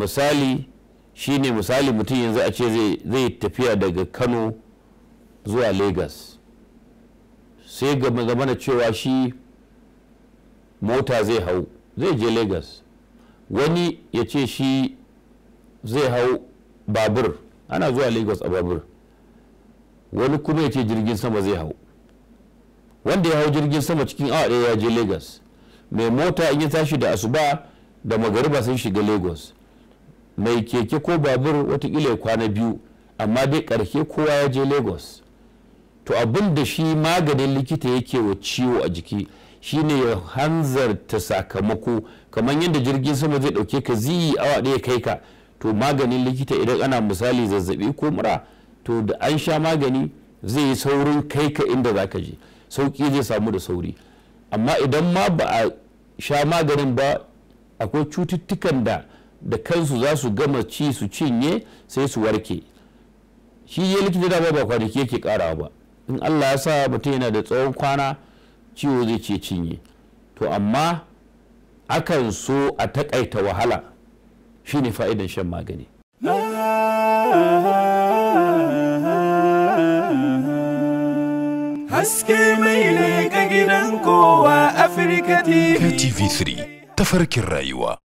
misali shine misali mutum yanzu a ce zai tafiya daga kano zuwa lagos sai zamana cewa shi mota zai hau zai je lagos wani ya ce shi zai hau babur ana zuwa lagos a babur wani kuma ya ce jirgin sama zai hau wanda ya hau jirgin sama cikin awa ɗaya ya je lagos mai mota in ya tashi da asuba da magariba sun shiga lagos mai keke ko babur watakila ya kwana biyu amma dai karke kowa ya je lagos to abin da shi maganin likita yake wa ciwo a jiki shine ya hanzarta sakamako kamar yadda jirgin sama zai dauke ka ziyi awa ɗaya kai ka to maganin likita idan ana misali zazzabi ko mura to da an sha magani zai yi saurin kai ka inda za ka je sauki zai samu da sauri amma idan ma ba a sha maganin ba akwai cututtukan da da kansu za su gama ci su cinye sai su warke shi ya likita da ba kwanaki yake karawa ba in allah ya sa mutum yana da tsawon kwana ciwo zai ce cinye to amma akan so a takaita wahala shine fa'idan shan magani haske mai ne ga gidan kowa afirka tv3 tafarkin rayuwa